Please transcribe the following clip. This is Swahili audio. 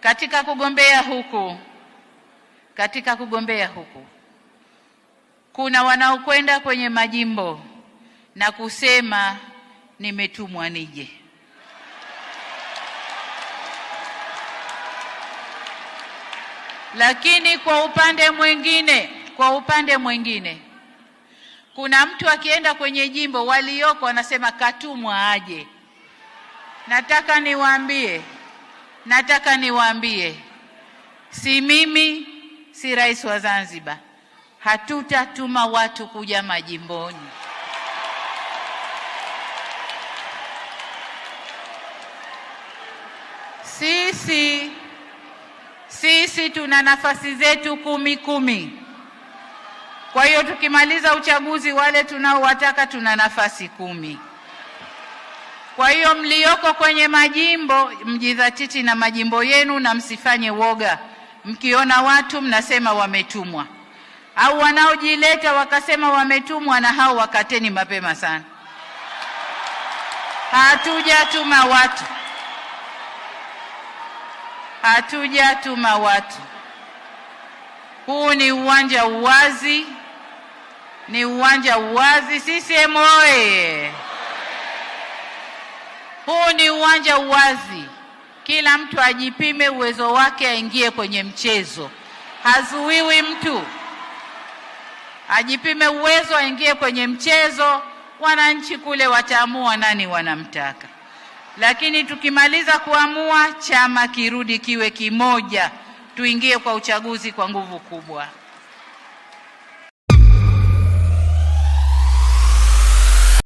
Katika kugombea huku katika kugombea huku kuna wanaokwenda kwenye majimbo na kusema nimetumwa nije. Lakini kwa upande mwingine, kwa upande mwingine kuna mtu akienda kwenye jimbo walioko wanasema katumwa aje. Nataka niwaambie Nataka niwaambie, si mimi, si rais wa Zanzibar, hatutatuma watu kuja majimboni. Sisi sisi tuna nafasi zetu kumi kumi. Kwa hiyo tukimaliza uchaguzi, wale tunaowataka tuna nafasi kumi. Kwa hiyo mlioko kwenye majimbo mjidhatiti na majimbo yenu na msifanye woga. Mkiona watu mnasema wametumwa, au wanaojileta wakasema wametumwa, na hao wakateni mapema sana. Hatujatuma watu, hatujatuma watu. Huu ni uwanja uwazi, ni uwanja uwazi. CCM oye! uwanja uwazi, kila mtu ajipime uwezo wake, aingie kwenye mchezo. Hazuiwi mtu, ajipime uwezo, aingie kwenye mchezo. Wananchi kule wataamua nani wanamtaka, lakini tukimaliza kuamua, chama kirudi kiwe kimoja, tuingie kwa uchaguzi kwa nguvu kubwa.